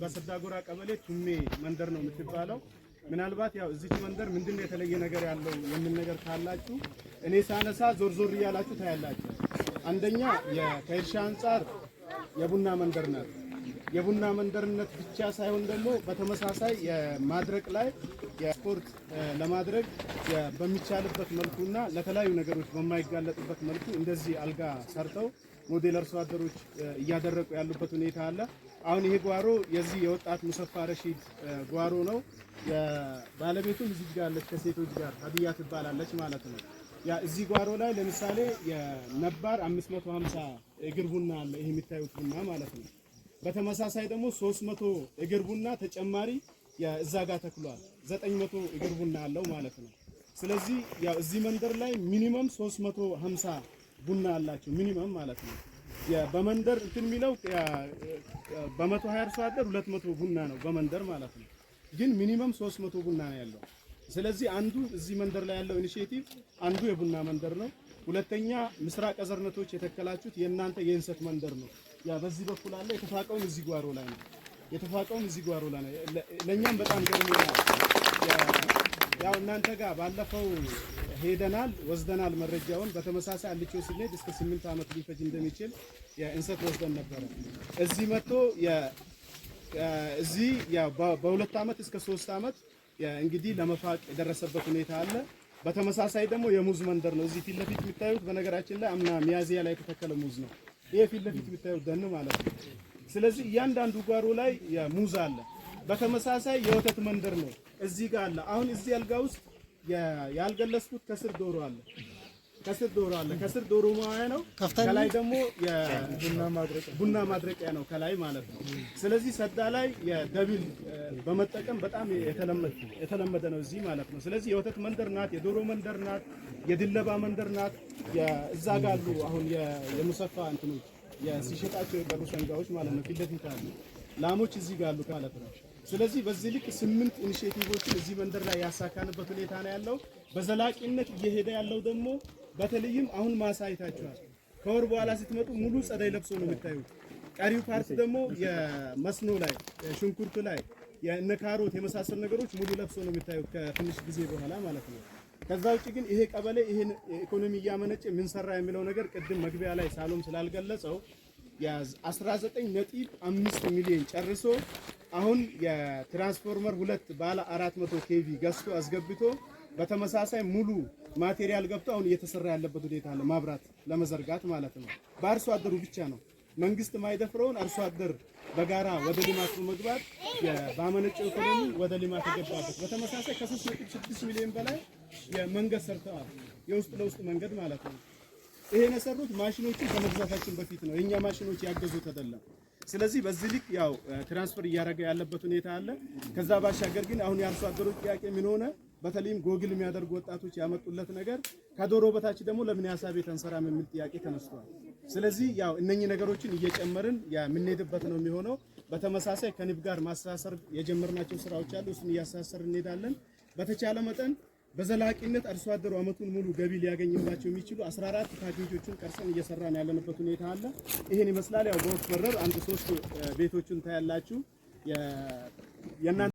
በሰዳጎራ ቀበሌ ቱሜ መንደር ነው የምትባለው። ምናልባት ያው እዚች መንደር ምንድነው የተለየ ነገር ያለው የምን ነገር ካላችሁ እኔ ሳነሳ ዞር ዞር እያላችሁ ታያላችሁ። አንደኛ ከእርሻ አንጻር የቡና መንደር ናት። የቡና መንደርነት ብቻ ሳይሆን ደግሞ በተመሳሳይ የማድረቅ ላይ የስፖርት ለማድረግ በሚቻልበት መልኩና ለተለያዩ ነገሮች በማይጋለጥበት መልኩ እንደዚህ አልጋ ሰርተው ሞዴል አርሶ አደሮች እያደረቁ ያሉበት ሁኔታ አለ። አሁን ይሄ ጓሮ የዚህ የወጣት ሙሰፋ ረሺድ ጓሮ ነው። የባለቤቱ ልጅ ጋር አለች፣ ከሴቶች ጋር ሀዲያ ትባላለች ማለት ነው። ያ እዚህ ጓሮ ላይ ለምሳሌ የነባር 550 እግር ቡና አለ። ይሄ የሚታዩት ቡና ማለት ነው። በተመሳሳይ ደግሞ 300 እግር ቡና ተጨማሪ እዛ ጋር ተክሏል። 900 እግር ቡና አለው ማለት ነው። ስለዚህ ያው እዚህ መንደር ላይ ሚኒመም 350 ቡና አላቸው ሚኒመም ማለት ነው። በመንደር እንትን የሚለው በ120 አርሶ አደር 200 ቡና ነው በመንደር ማለት ነው። ግን ሚኒመም 300 ቡና ነው ያለው። ስለዚህ አንዱ እዚህ መንደር ላይ ያለው ኢኒሼቲቭ አንዱ የቡና መንደር ነው። ሁለተኛ ምስራቅ አዘርነቶች የተከላችሁት የእናንተ የእንሰት መንደር ነው። ያ በዚህ በኩል አለ። የተፋቀውን እዚህ ጓሮ ላይ ነው። የተፋቀውን እዚህ ጓሮ ላይ ነው። ለእኛም በጣም ገርሞ ያው እናንተ ጋር ባለፈው ሄደናል ወስደናል መረጃውን። በተመሳሳይ አልቾ ስንሄድ እስከ ስምንት ዓመት ሊፈጅ እንደሚችል የእንሰት ወስደን ነበረ። እዚህ መጥቶ እዚህ በሁለት ዓመት እስከ ሶስት ዓመት እንግዲህ ለመፋቅ የደረሰበት ሁኔታ አለ። በተመሳሳይ ደግሞ የሙዝ መንደር ነው እዚህ ፊት ለፊት የሚታዩት በነገራችን ላይ አምና ሚያዚያ ላይ የተተከለ ሙዝ ነው። ይሄ ፊት ለፊት የምታዩት ደን ማለት ነው። ስለዚህ እያንዳንዱ ጓሮ ላይ ሙዝ አለ። በተመሳሳይ የወተት መንደር ነው እዚህ ጋር አለ። አሁን እዚህ አልጋ ውስጥ ያልገለጽኩት ከስር ዶሮ አለ ከስር ዶሮ አለ። ከስር ዶሮ ማዋያ ነው። ከላይ ደግሞ ቡና ማድረቂያ ነው ከላይ ማለት ነው። ስለዚህ ሰዳ ላይ የደብል በመጠቀም በጣም የተለመደ ነው እዚህ ማለት ነው። ስለዚህ የወተት መንደር ናት፣ የዶሮ መንደር ናት፣ የድለባ መንደር ናት። እዛ ጋር አሉ አሁን የሙሰፋ እንትኖች ሲሸጣቸው የቀሩ ሰንጋዎች ማለት ነው። ፊት ለፊት አሉ ላሞች እዚህ ጋር አሉ ማለት ነው። ስለዚህ በዚህ ልክ ስምንት ኢኒሼቲቮችን እዚህ መንደር ላይ ያሳካንበት ሁኔታ ነው ያለው። በዘላቂነት እየሄደ ያለው ደግሞ በተለይም አሁን ማሳ ከወር በኋላ ስትመጡ ሙሉ ጸደይ ለብሶ ነው የሚታዩት ቀሪው ፓርት ደግሞ የመስኖ ላይ ሽንኩርቱ ላይ እነ ካሮት የመሳሰል ነገሮች ሙሉ ለብሶ ነው የሚታዩት ከትንሽ ጊዜ በኋላ ማለት ነው። ከዛ ውጭ ግን ይሄ ቀበሌ ይሄን ኢኮኖሚ እያመነጨ ምን ሰራ የሚለው ነገር ቅድም መግቢያ ላይ ሳሎም ስላልገለጸው የ19.5 ሚሊዮን ጨርሶ አሁን የትራንስፎርመር ሁለት ባለ 400 ኬቪ ገዝቶ አስገብቶ በተመሳሳይ ሙሉ ማቴሪያል ገብቶ አሁን እየተሰራ ያለበት ሁኔታ አለ። ማብራት ለመዘርጋት ማለት ነው። በአርሶ አደሩ ብቻ ነው። መንግስት ማይደፍረውን አርሶ አደር በጋራ ወደ ልማት በመግባት በአመነጨው ኢኮኖሚ ወደ ልማት የገባበት። በተመሳሳይ ከ3.6 ሚሊዮን በላይ የመንገድ ሰርተዋል። የውስጥ ለውስጥ መንገድ ማለት ነው። ይሄን የሰሩት ማሽኖችን ከመግዛታችን በፊት ነው። የኛ ማሽኖች ያገዙት አይደለም። ስለዚህ በዚህ ልክ ያው ትራንስፈር እያደረገ ያለበት ሁኔታ አለ። ከዛ ባሻገር ግን አሁን የአርሶ አደሮች ጥያቄ ምን ሆነ? በተለይም ጎግል የሚያደርጉ ወጣቶች ያመጡለት ነገር ከዶሮ በታች ደግሞ ለምን ያሳ ቤት አንሰራም የሚል ጥያቄ ተነስቷል። ስለዚህ ያው እነኚህ ነገሮችን እየጨመርን የምንሄድበት ነው የሚሆነው። በተመሳሳይ ከንብ ጋር ማስተሳሰር የጀመርናቸው ስራዎች አሉ። እሱን እያስተሳሰር እንሄዳለን። በተቻለ መጠን በዘላቂነት አርሶ አደሩ አመቱን ሙሉ ገቢ ሊያገኝባቸው የሚችሉ 14 ፓኬጆችን ቀርጸን እየሰራን ያለንበት ሁኔታ አለ። ይህን ይመስላል። ያው በወፍ በረር አንድ ሶስት ቤቶችን ታያላችሁ።